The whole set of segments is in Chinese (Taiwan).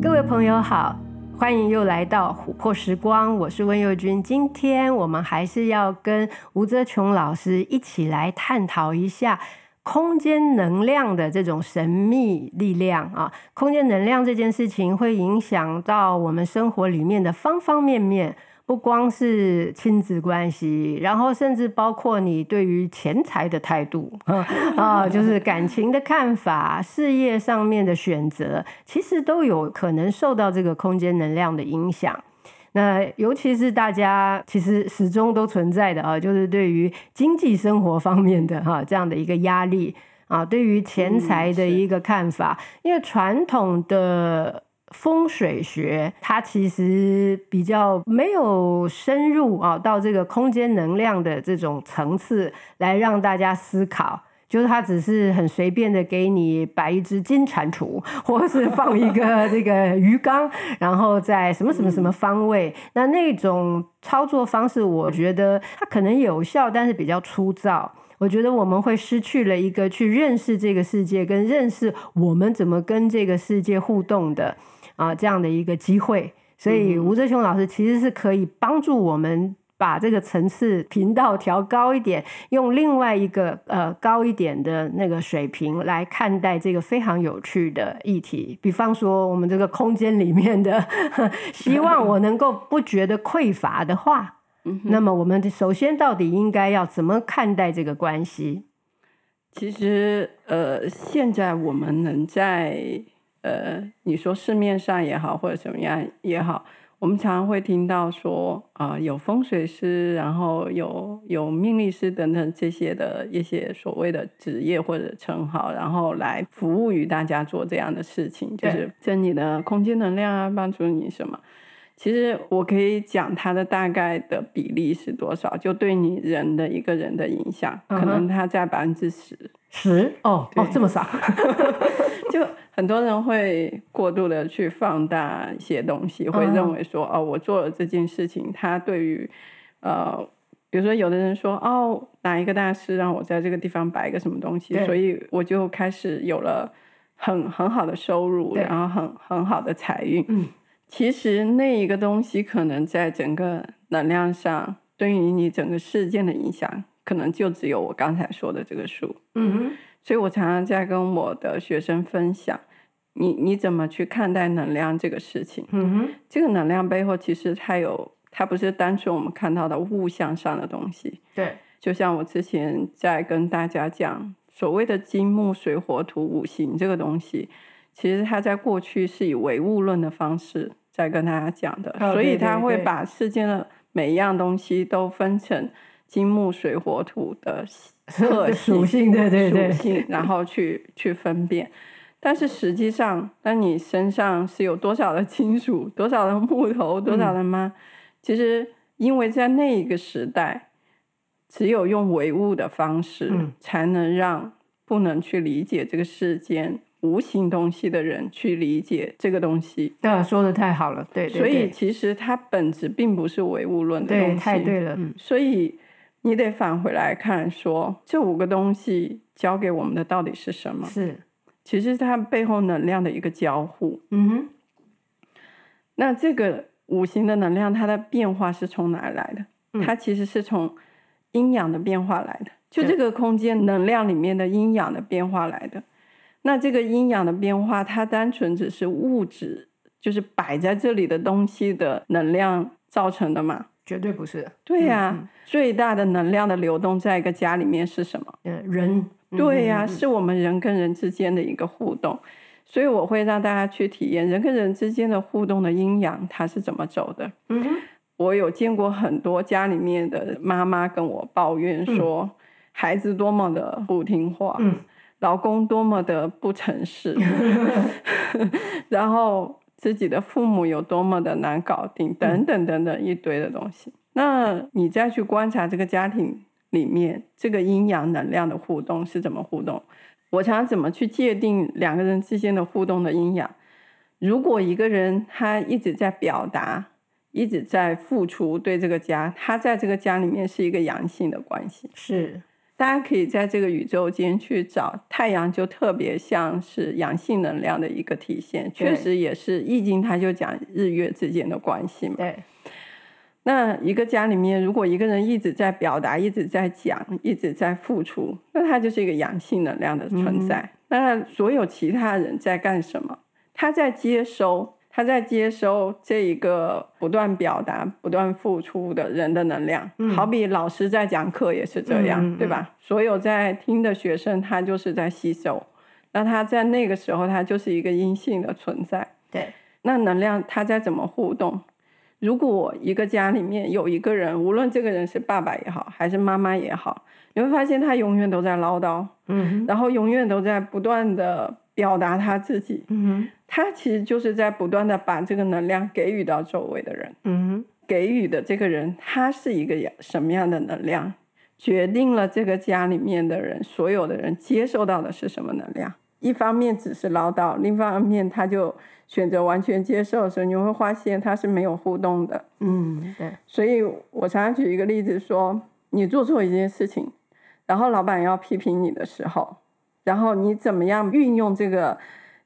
各位朋友好。歡迎又來到琥珀時光，我是溫佑君。今天我們還是要跟吳澤瓊老師一起來探討一下空間能量的這種神秘力量啊！空間能量這件事情會影響到我們生活裡面的方方面面。不光是親子關係，然後甚至包括你對於錢財的態度 啊，就是感情的看法、事業上面的選擇，其實都有可能受到這個空間能量的影響。那尤其是大家其實始終都存在的啊，就是對於經濟生活方面的哈、啊、這樣的一個壓力啊，對於錢財的一個看法，嗯、因為傳統的。風水學它其實比較沒有深入啊，到這個空間能量的這種層次來讓大家思考，就是它只是很隨便的給你擺一隻金蟾蜍，或是放一個這個魚缸， 然後在什麼什麼什麼方位，嗯、那那種操作方式，我覺得它可能有效，但是比較粗糙。我覺得我們會失去了一個去認識這個世界，跟認識我們怎麼跟這個世界互動的。啊，這樣的一個機會，所以吳哲雄老師其實是可以幫助我們把這個層次頻道調高一點，用另外一個呃高一點的那個水平來看待這個非常有趣的議題。比方說，我們這個空間裡面的，希望我能夠不覺得匱乏的話， 那麼我們首先到底應該要怎麼看待這個關係？其實，呃，現在我們能在。呃，你說市面上也好，或者什麼樣也好，我們常常會聽到說啊、呃，有風水師，然後有有命理師等等這些的一些所謂的職業或者稱號，然後來服務於大家做這樣的事情，就是整理你的空間能量啊，幫助你什麼。對其實我可以講它的大概的比例是多少，就對你人的一個人的影響，嗯、可能它在百分之十，十、uh huh. 對哦哦這麼少， 很多人會過度的去放大一些東西，會認為說、uh huh. 哦，我做了這件事情，他對於呃，比如說有的人說哦，哪一個大師讓我在這個地方擺一個什麼東西，對所以我就開始有了很很好的收入，對然後很很好的財運。嗯、其實那一個東西可能在整個能量上，對於你整個事件的影響，可能就只有我剛才說的這個數。嗯、uh huh. 所以我常常在跟我的學生分享，你你怎麼去看待能量這個事情？嗯哼，這個能量背後其實它有，它不是單純我們看到的物象上的東西。對，就像我之前在跟大家講，所謂的金木水火土五行這個東西，其實它在過去是以唯物論的方式在跟大家講的，哦，對對對，所以它會把世間的每一樣東西都分成。金木水火土的特屬性， 性，對對對，然後去去分辨。但是實際上，那你身上是有多少的金屬，多少的木頭，多少的嗎？嗯、其實，因為在那一個時代，只有用唯物的方式，嗯、才能讓不能去理解這個世間無形東西的人去理解這個東西。對、啊，說得太好了，對，對，對。所以其實它本質並不是唯物論的東西。對，太對了，嗯。所以。你得返回來看說，說這五個東西教給我們的到底是什麼？是，其實它背後能量，的一個交互。嗯哼。那這個五行的能量，它的變化是從哪來的？嗯、它其實是從陰陽的變化來的，就這個空間對能量裡面的陰陽的變化來的。那這個陰陽的變化，它單純只是物質，就是擺在這裡的東西的能量造成的嘛？絕對不是，對呀、啊，嗯、最大的能量的流動在一個家裡面是什麼？人，嗯、對呀、啊，嗯、是我們人跟人之間的一個互動，所以我會讓大家去體驗人跟人之間的互動的陰陽它是怎麼走的。嗯、哼我有見過很多家裡面的媽媽跟我抱怨說，嗯、孩子多麼的不聽話，老公、嗯、多麼的不誠實， 然後。自己的父母有多麼的難搞定，等等等等一堆的東西。那你再去觀察這個家庭裡面這個陰陽能量的互動是怎麼互動？我想怎麼去界定兩個人之間的互動的陰陽？如果一個人他一直在表達，一直在付出對這個家，他在這個家裡面是一個陽性的關係，是。大家可以在這個宇宙間去找太陽，就特別像是陽性能量的一個體現。對。確實也是《易經》，它就講日月之間的關係嘛。對。那一個家裡面，如果一個人一直在表達、一直在講、一直在付出，那他就是一個陽性能量的存在。嗯嗯。那所有其他人在幹什麼？他在接收。他在接收這一個不斷表達、不斷付出的人的能量，嗯、好比老師在講課也是這樣，嗯、對吧？嗯嗯、所有在聽的學生，他就是在吸收。那他在那個時候，他就是一個陰性的存在。對。那能量，他在怎麼互動？如果一個家裡面有一個人，無論這個人是爸爸也好，還是媽媽也好，你會發現他永遠都在嘮叨，嗯哼，然後永遠都在不斷的。表達他自己，他其實就是在不斷的把這個能量給予到周圍的人，給予的這個人他是一個什麼樣的能量，決定了這個家裡面的人，所有的人接受到的是什麼能量。一方面只是嘮叨，另一方面他就選擇完全接受，所以你會發現他是沒有互動的，嗯，對。所以我常常舉一個例子說，你做錯一件事情，然後老板要批評你的時候。然後你怎麼樣運用這個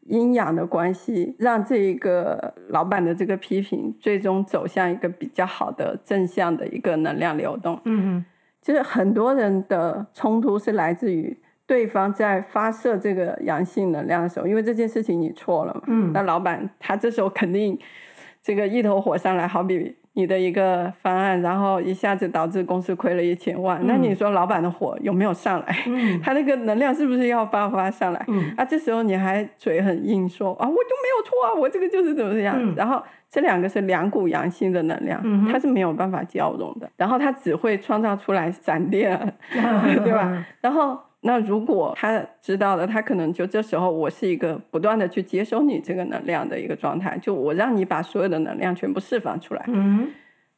陰陽的關係，讓這一個老闆的這個批評最終走向一個比較好的正向的一個能量流動？嗯哼，就是很多人的衝突是來自於對方在發射這個陽性能量的時候，因為這件事情你錯了嘛。嗯，那老闆他這時候肯定這個一頭火上來，好比比，你的一個方案，然後一下子導致公司虧了一千萬，嗯、那你說老闆的火有沒有上來？嗯、他那個能量是不是要爆發上來？嗯、啊，這時候你還嘴很硬說，說啊，我就沒有錯啊，我這個就是怎麼怎麼樣。嗯、然後這兩個是兩股陽性的能量，嗯、哼它是沒有辦法交融的，然後它只會創造出來閃電，嗯、哼 對吧？ 然後。那如果他知道了，他可能就這時候，我是一個不斷的去接收你這個能量的一個狀態，就我讓你把所有的能量全部釋放出來，嗯、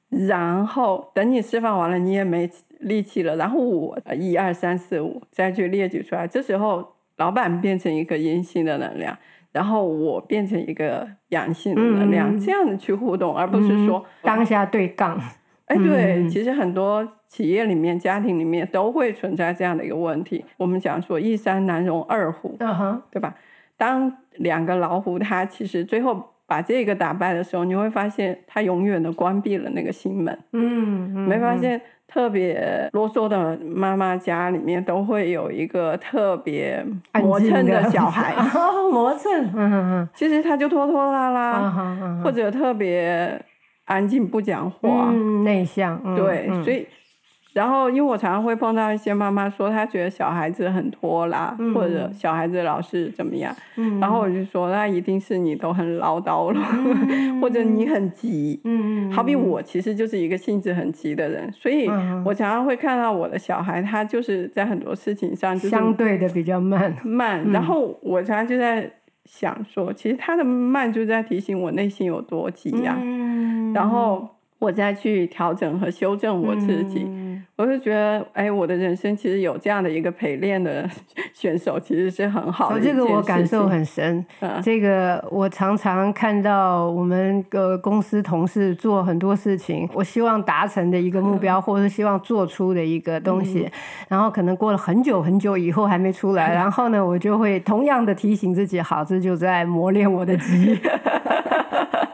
然後等你釋放完了，你也沒力氣了，然後我一二三四五再去列舉出來，這時候老板變成一個陰性的能量，然後我變成一個陽性的能量，嗯、這樣子去互動，而不是說、嗯、當下對槓。哎，對，嗯、其實很多企業裡面、家庭裡面都會存在這樣的一個問題。我們講說，一山難容二虎，嗯、對吧？當兩個老虎，他其實最後把這個打敗的時候，你會發現他永遠的關閉了那個心門。嗯，嗯沒發現特別囉嗦的媽媽家裡面都會有一個特別磨蹭的小孩，磨、嗯 哦、蹭。嗯嗯、其實他就拖拖拉拉，嗯嗯嗯、或者特別。安靜不講話、嗯，內向，對，嗯、所以，然後，因為我常常會碰到一些媽媽說，她覺得小孩子很拖拉，嗯、或者小孩子老是怎麼樣，嗯、然後我就說，那一定是你都很嘮叨了，嗯、或者你很急，嗯嗯，好比我其實就是一個性子很急的人，嗯、所以我常常會看到我的小孩，他就是在很多事情上就相對的比較慢慢，嗯、然後我常常就在。想說，其實他的慢就在提醒我內心有多急呀啊，嗯，然後我再去調整和修正我自己。嗯。我就覺得，哎，我的人生其實有這樣的一個陪練的選手，其實是很好的。這個我感受很深。嗯、這個我常常看到我們個公司同事做很多事情，我希望達成的一個目標，嗯、或者是希望做出的一個東西，嗯、然後可能過了很久很久以後還沒出來，嗯、然後呢，我就會同樣的提醒自己，好，這就在磨練我的急。嗯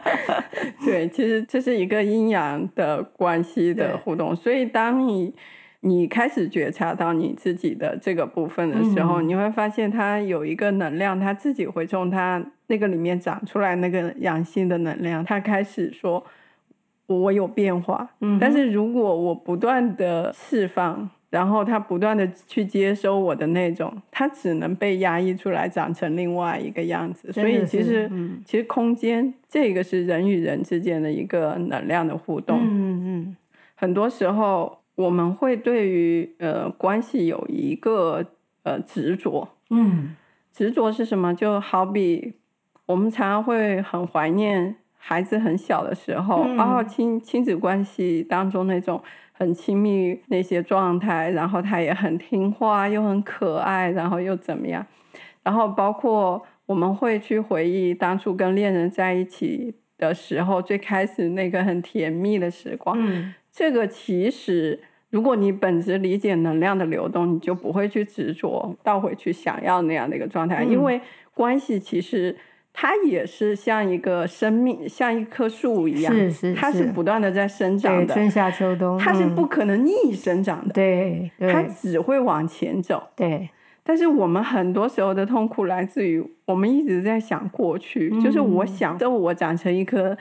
對，其實這是一個陰陽的關係的互動，對所以當你你開始覺察到你自己的這個部分的時候，嗯、哼你會發現它有一個能量，它自己會從它那個裡面長出來那個陽性的能量，它開始說，我有變化。嗯、哼但是如果我不斷的釋放。然後他不斷地去接收我的那種，他只能被壓抑出來，長成另外一個樣子。所以其實，嗯、其實空間這個是人與人之間的一個能量的互動。嗯嗯。嗯，很多時候我們會對於呃關係有一個呃執着。嗯。執着是什麼？就好比我們常常會很懷念孩子很小的時候，嗯、哦親親子關係當中那種。很親密那些狀態，然後他也很聽話，又很可愛，然後又怎麼樣？然後包括我們會去回憶當初跟戀人在一起的時候，最開始那個很甜蜜的時光。嗯，這個其實，如果你本質理解能量的流動，你就不會去執着倒回去想要那樣的一個狀態，嗯，因為關係其實。它也是像一個生命，像一棵樹一樣，是是是它是不斷的在生長的，春夏秋冬，它是不可能逆生長的，嗯、對，對它只會往前走。對，但是我們很多時候的痛苦來自於我們一直在想過去，對就是我想到我長成一棵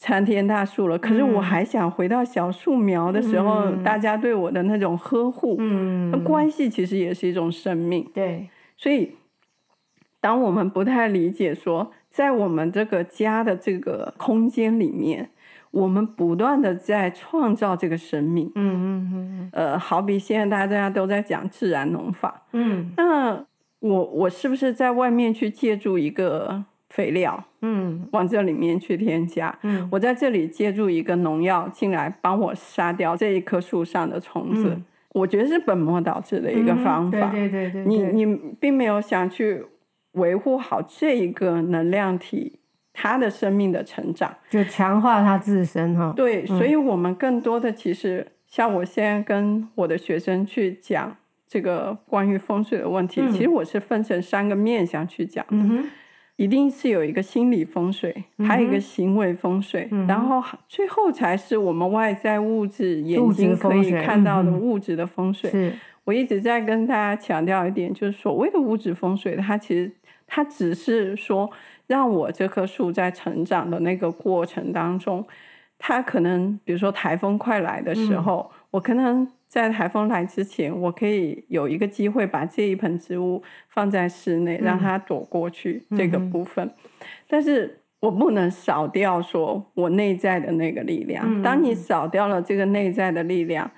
參天大樹了，嗯、可是我還想回到小樹苗的時候，嗯、大家對我的那種呵護，嗯，那關係其實也是一種生命，對，所以。當我們不太理解說，說，在我們這個家的這個空間裡面，我們不斷的在創造這個生命。嗯嗯嗯。嗯呃，好比現在大家大家都在講自然農法。嗯。那我我是不是在外面去借助一個肥料？嗯。往這裡面去添加。嗯。我在這裡借助一個農藥進來幫我殺掉這一棵樹上的蟲子，嗯、我覺得是本末倒置的一個方法。嗯、對對對對。你你並沒有想去。維護好這一個能量體，它的生命的成長，就強化它自身哈、哦。對，嗯、所以我們更多的其實，像我現在跟我的學生去講這個關於風水的問題，嗯、其實我是分成三個面向去講的。嗯、哼一定是有一個心理風水，嗯、哼還有一個行為風水，嗯、哼然後最後才是我們外在物質，物質眼睛可以看到的物質的風水。嗯。是。我一直在跟大家強調一點，就是所謂的物質風水，它其實它只是說讓我這棵樹在成長的那個過程當中，它可能比如說台風快來的時候，我可能在台風來之前，我可以有一個機會把這一盆植物放在室內讓它躲過去這個部分，但是我不能少掉說我內在的那個力量。當你少掉了這個內在的力量，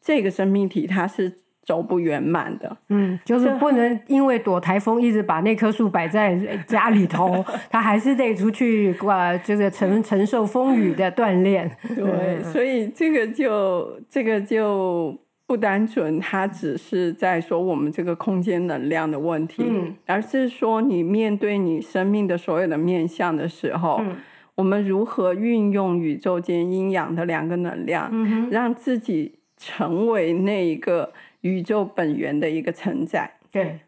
這個生命體它是。走不圓滿的，嗯，就是不能因為躲台風，一直把那棵樹擺在家裡頭，他 還是得出去哇，就是承承受風雨的鍛鍊。嗯、對，所以這個就這個就不單純，他、嗯、只是在說我們這個空間能量的問題，嗯、而是說你面對你生命的所有的面向的時候，嗯、我們如何運用宇宙間陰陽的兩個能量，嗯、哼讓自己成為那一個。宇宙本源的一個承載，對，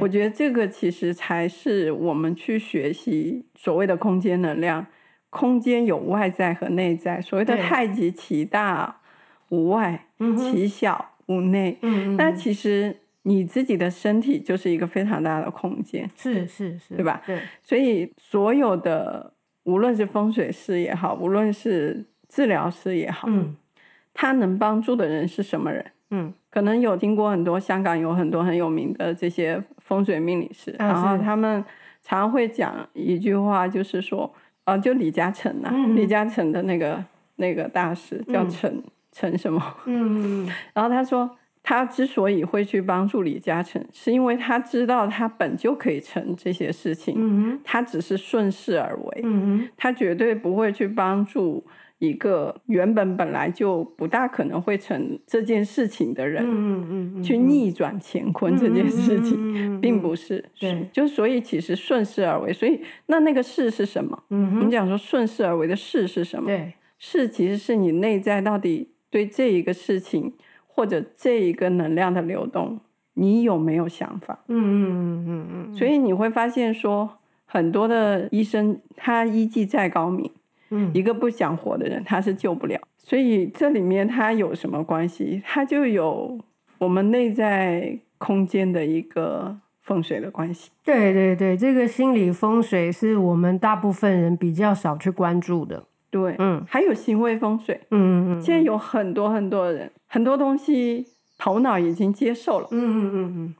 我覺得這個其實才是我們去學習所謂的空間能量。空間有外在和內在，所謂的太極其大無外，對其小無內。嗯、哼那其實你自己的身體就是一個非常大的空間，嗯嗯對是是是，對吧？對。所以所有的，無論是風水師也好，無論是治療師也好，嗯、他能幫助的人是什麼人？嗯。可能有聽過很多香港有很多很有名的這些風水命理師，啊、然後他們常會講一句話，就是說，啊、呃，就李嘉誠吶、啊，嗯、李嘉誠的那個那個大師叫陳、嗯、陳什麼，嗯然後他說，他之所以會去幫助李嘉誠，是因為他知道他本就可以成這些事情，嗯、哼他只是順勢而為，嗯、哼他絕對不會去幫助，一個原本本來就不大可能會成這件事情的人，去逆轉乾坤這件事情，嗯嗯嗯、並不是，對就所以其實順勢而為，所以那那個勢是什麼？我、嗯、們講說順勢而為的勢是什麼？對，勢其實是你內在到底對這一個事情或者這一個能量的流動，你有沒有想法？嗯嗯嗯嗯嗯。嗯嗯所以你會發現說，很多的醫生他醫技再高明，一個不想活的人，他是救不了。嗯，所以這裡面他有什麼關係？他就有我們內在空間的一個風水的關係。對對對，這個心理風水是我們大部分人比較少去關注的。對，嗯，還有行為風水。嗯嗯嗯。現在有很多很多人，很多東西頭腦已經接受了。嗯嗯嗯嗯。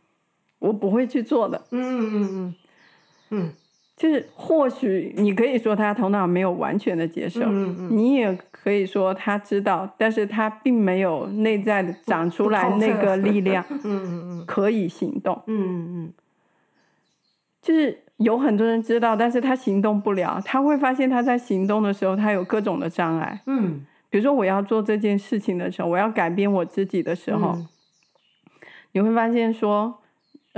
我不會去做的。嗯嗯嗯嗯。嗯。嗯就是，或許你可以說他頭腦沒有完全的接受，你也可以說他知道，但是他並沒有內在的長出來那個力量，嗯嗯嗯，可以行動，嗯嗯嗯。就是有很多人知道，但是他行動不了，他會發現他在行動的時候，他有各種的障礙，嗯，比如說我要做這件事情的時候，我要改變我自己的時候，你會發現說。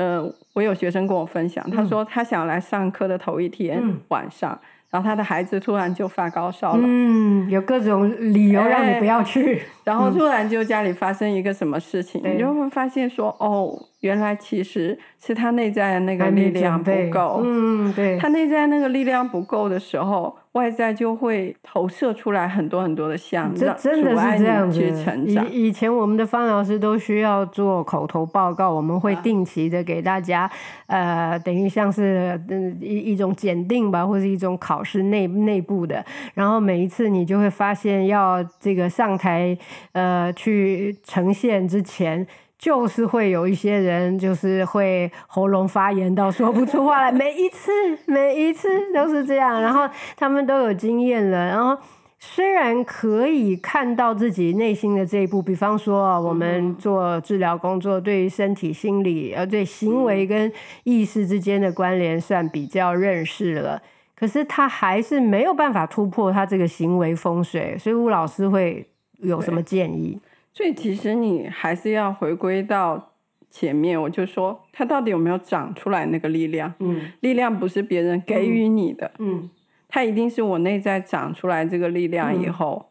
呃，我有學生跟我分享，他說他想來上課的頭一天，嗯，晚上，然後他的孩子突然就發高燒了。嗯，有各種理由讓你不要去，哎，然後突然就家裡發生一個什麼事情，嗯，你就會發現說，哦，原來其實是他內在的那個力量不夠。嗯，對，他內在那個力量不夠的時候。外在就會投射出來很多很多的像，這真的是這樣子。以以前我們的方老師都需要做口頭報告，我們會定期的給大家，啊、呃，等於像是，呃、一一種檢定吧，或是一種考試內內部的。然後每一次你就會發現，要這個上台呃去呈現之前，就是會有一些人，就是會喉嚨發炎到說不出話來， 每一次每一次都是這樣。 然後他們都有經驗了，然後雖然可以看到自己內心的這一步，比方說我們做治療工作，嗯、對於身體、心理，呃，對行為跟意識之間的關聯算比較認識了，嗯、可是他還是沒有辦法突破他這個行為風水，所以吳老師會有什麼建議？所以其實你還是要回歸到前面，我就說他到底有沒有長出來那個力量？嗯，力量不是別人給予你的，嗯，嗯，它一定是我內在長出來這個力量以後，嗯、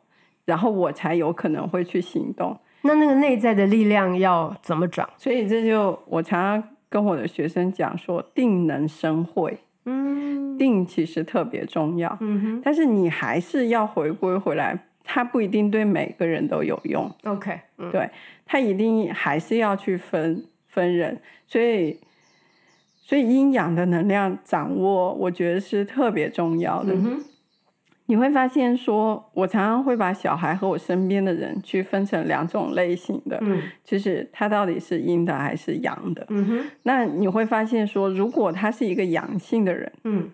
然後我才有可能會去行動。那那個內在的力量要怎麼長？所以這就我常常跟我的學生講說，定能生慧。嗯，定其實特別重要。嗯哼，但是你還是要回歸回來。他不一定對每個人都有用。OK，、嗯、對，他一定還是要去分分人，所以所以陰陽的能量掌握，我覺得是特別重要的。嗯、哼你會發現說，說我常常會把小孩和我身邊的人去分成兩種類型的，嗯、就是他到底是陰的還是陽的。嗯、哼那你會發現說，如果他是一個陽性的人，嗯、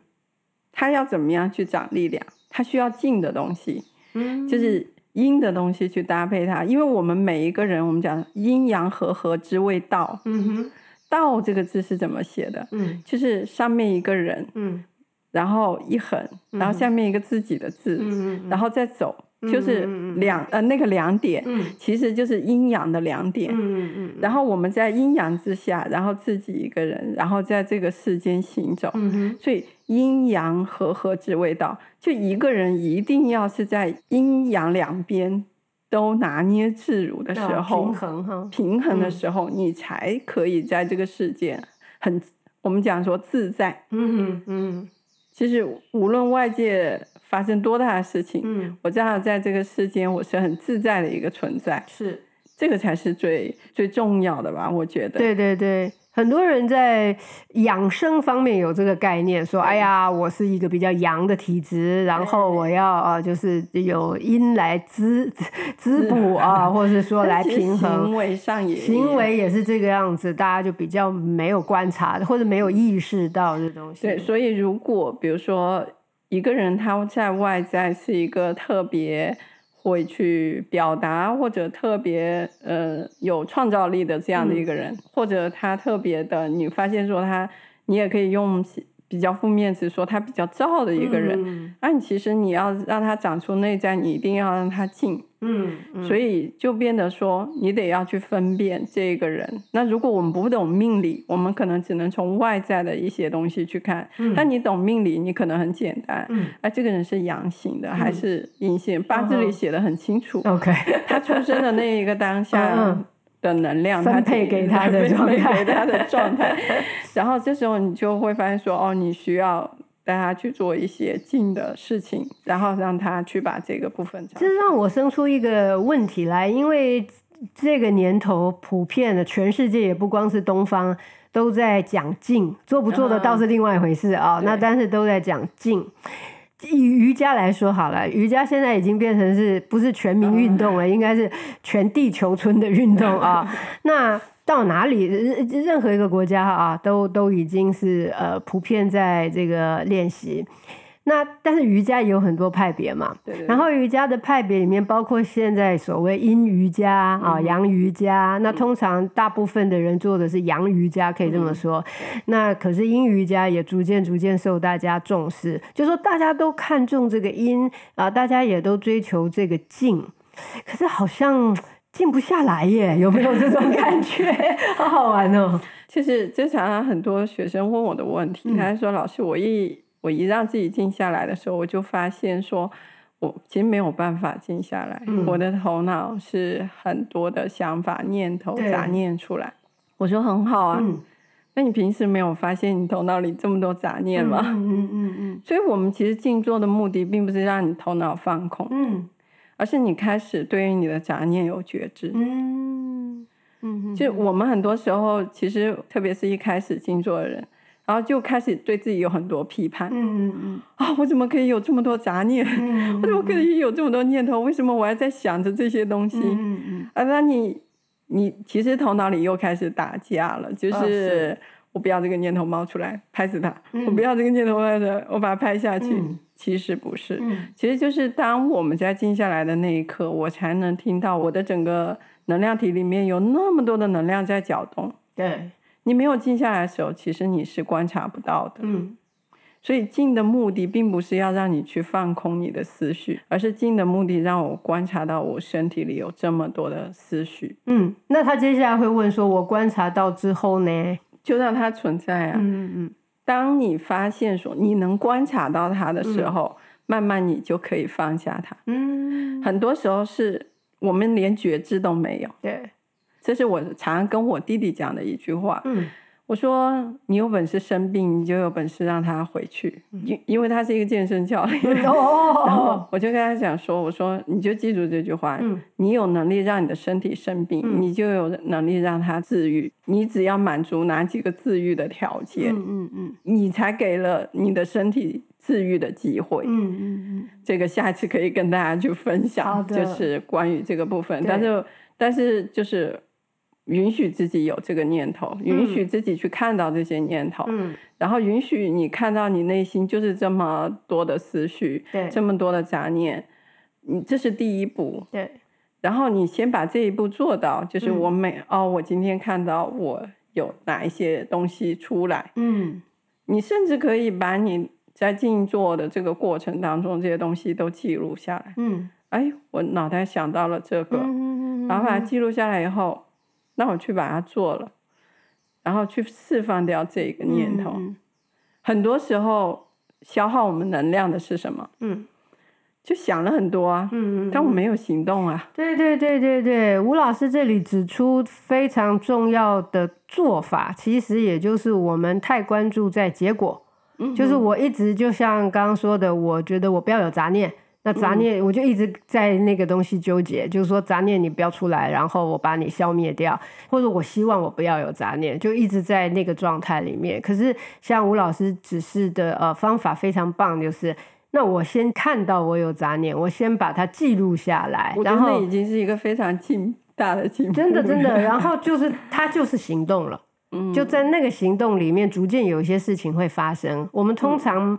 他要怎麼樣去長力量？他需要靜的東西。 就是陰的東西去搭配它，因為我們每一個人，我們講陰陽和合之謂道。嗯、哼道這個字是怎麼寫的？嗯，就是上面一個人，嗯，然後一橫，嗯、哼然後下面一個自己的字，嗯、哼然後再走。就是兩、嗯、呃那個兩點，嗯、其實就是陰陽的兩點。嗯嗯、然後我們在陰陽之下，然後自己一個人，然後在這個世間行走。嗯、哼。所以陰陽和合之味道，就一個人一定要是在陰陽兩邊都拿捏自如的時候、嗯，平衡哈，平衡的時候，你才可以在這個世界很、嗯、我們講說自在。嗯嗯。嗯其實無論外界。發生多大的事情，嗯，我知道，在這個世間，我是很自在的一個存在。是，這個才是最最重要的吧？我覺得。對對對，很多人在養生方面有這個概念，說：“嗯、哎呀，我是一個比較陽的體質，嗯、然後我要啊，就是有陰來滋滋補啊，啊，或者是說來平衡。”行為上也，行為也是這個樣子，大家就比較沒有觀察、嗯、或者沒有意識到的東西。對，所以如果比如說。一個人他在外在是一個特別會去表達或者特別呃有創造力的這樣的一個人，嗯、或者他特別的，你發現說他，你也可以用。比較負面是說他比較躁的一個人，但、嗯啊、其實你要讓他長出內在，你一定要讓他靜、嗯。嗯，所以就變得說，你得要去分辨這個人。那如果我們不懂命理，我們可能只能從外在的一些東西去看。嗯，但你懂命理，你可能很簡單。嗯，啊、這個人是陽性，的、嗯、還是陰性？八字裡寫得很清楚。嗯、清楚 OK， 他出生的那一個當下。 嗯嗯的能量分配給他的狀態，他的狀態，然後這時候你就會發現說，哦，你需要帶他去做一些靜的事情，然後讓他去把這個部分。這是讓我生出一個問題來，因為這個年頭普遍的，全世界也不光是東方都在講靜，做不做的倒是另外一回事啊、嗯哦。那但是都在講靜。以瑜伽來說好了，瑜伽現在已經變成是不是全民運動了？應該是全地球村的運動啊。 那到哪裡？任任何一個國家啊，都都已經是呃普遍在這個練習。那但是瑜伽也有很多派別嘛，對對對，然後瑜伽的派別裡面包括現在所謂陰瑜伽啊、陽瑜伽。那通常大部分的人做的是陽瑜伽，可以這麼說。嗯、那可是陰瑜伽也逐漸逐漸受大家重視，就說大家都看重這個陰啊，大家也都追求這個靜，可是好像靜不下來耶，有沒有這種感覺？ 好好玩哦。其實經常很多學生問我的問題，他、嗯、說：“老師，我一”我一讓自己靜下來的時候，我就發現說，我其實沒有辦法靜下來，嗯、我的頭腦是很多的想法、念頭、雜念出來。對我說很好啊，那、嗯、你平時沒有發現你頭腦裡這麼多雜念嗎？嗯嗯嗯、嗯。所以，我們其實靜坐的目的，並不是讓你頭腦放空，嗯，而是你開始對於你的雜念有覺知。嗯嗯，嗯就我們很多時候，其實特別是一開始靜坐的人。然後就開始對自己有很多批判。嗯嗯嗯。啊、哦，我怎麼可以有這麼多雜念？嗯嗯嗯，我怎麼可以有這麼多念頭？為什麼我還在想着這些東西？嗯嗯啊、嗯，那你，你其實頭腦裡又開始打架了，就是，哦、是，我不要這個念頭冒出來，拍死它。嗯、我不要這個念頭冒出來，我把它拍下去。嗯。其實不是，嗯、其實就是當我們在靜下來的那一刻，我才能聽到我的整個能量體裡面有那麼多的能量在攪動。對。你沒有靜下來的時候，其實你是觀察不到的。嗯，所以靜的目的並不是要讓你去放空你的思緒，而是靜的目的讓我觀察到我身體裡有這麼多的思緒。嗯，那他接下來會問說：“我觀察到之後呢？”就讓它存在啊。嗯嗯。嗯，當你發現說你能觀察到它的時候，嗯，慢慢你就可以放下它。嗯，很多時候是我們連覺知都沒有。對。這是我常跟我弟弟講的一句話。嗯，我說你有本事生病，你就有本事讓他回去。因因為他是一個健身教練，哦，然後我就跟他講說：“我說你就記住這句話，你有能力讓你的身體生病，你就有能力讓他治癒。你只要滿足哪幾個治癒的條件，嗯嗯，你才給了你的身體治癒的機會。嗯嗯嗯，這個下次可以跟大家去分享，就是關於這個部分。但是但是就是。允許自己有這個念頭，允許自己去看到這些念頭，嗯、然後允許你看到你內心就是這麼多的思緒，對這麼多的雜念，你這是第一步。對，然後你先把這一步做到，就是我每、嗯、哦，我今天看到我有哪一些東西出來，嗯，你甚至可以把你在靜坐的這個過程當中這些東西都記錄下來，嗯，哎，我腦袋想到了這個，嗯嗯嗯、然後把它記錄下來以後。那我去把它做了，然後去釋放掉這一個念頭。嗯嗯，很多時候消耗我們能量的是什麼？嗯，就想了很多啊，嗯，嗯，嗯，但我沒有行動啊。對對對對對，吳老師這裡指出非常重要的做法，其實也就是我們太關注在結果。嗯，嗯，就是我一直就像剛剛說的，我覺得我不要有雜念。那雜念，我就一直在那個東西糾結，嗯、就是說雜念你不要出來，然後我把你消滅掉，或者我希望我不要有雜念，就一直在那個狀態裡面。可是像吳老師指示的，呃，方法非常棒，就是那我先看到我有雜念，我先把它記錄下來，然後那已經是一個非常巨大的進步，真的真的。然後就是他就是行動了，嗯、就在那個行動裡面，逐漸有一些事情會發生。我們通常、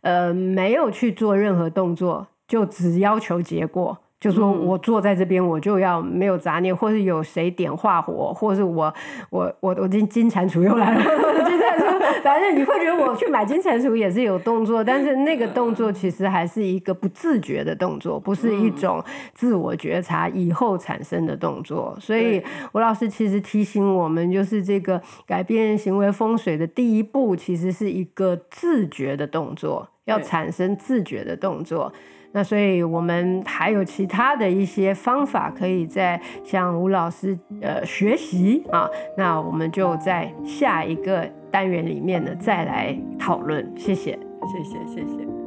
嗯、呃沒有去做任何動作。就只要求結果，就說我坐在這邊，我就要沒有雜念。嗯、或是有誰點化火，或者是我，我，我，我金金蟾蜍又來了， 就在說， 反正你會覺得我去買金蟾蜍也是有動作，但是那個動作其實還是一個不自覺的動作，不是一種自我覺察以後產生的動作。嗯、所以對吳老師其實提醒我們，就是這個改變行為風水的第一步，其實是一個自覺的動作，要產生自覺的動作。那所以，我們還有其他的一些方法，可以再向吳老師呃學習啊。那我們就在下一個單元裡面呢，再來討論。謝謝，謝謝，謝謝。